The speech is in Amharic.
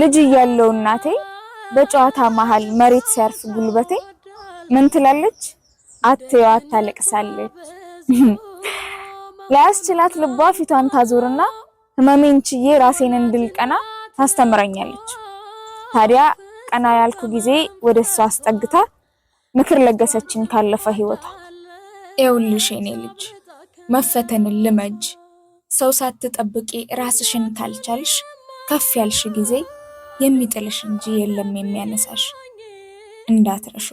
ልጅ እያለው እናቴ በጨዋታ መሀል መሬት ሲያርፍ ጉልበቴ ምን ትላለች አትየዋ አታለቅሳለች። ላያስችላት ልቧ ፊቷን ታዞርና ህመሜን ችዬ ራሴን እንድል ቀና ታስተምረኛለች። ታዲያ ቀና ያልኩ ጊዜ ወደ እሷ አስጠግታ ምክር ለገሰችኝ ካለፈ ህይወቷ። ይኸውልሽ የኔ ልጅ መፈተንን ልመጅ ሰው ሳትጠብቂ ራስሽን ካልቻልሽ ከፍ ያልሽ ጊዜ የሚጥልሽ እንጂ የለም የሚያነሳሽ እንዳትረሹ።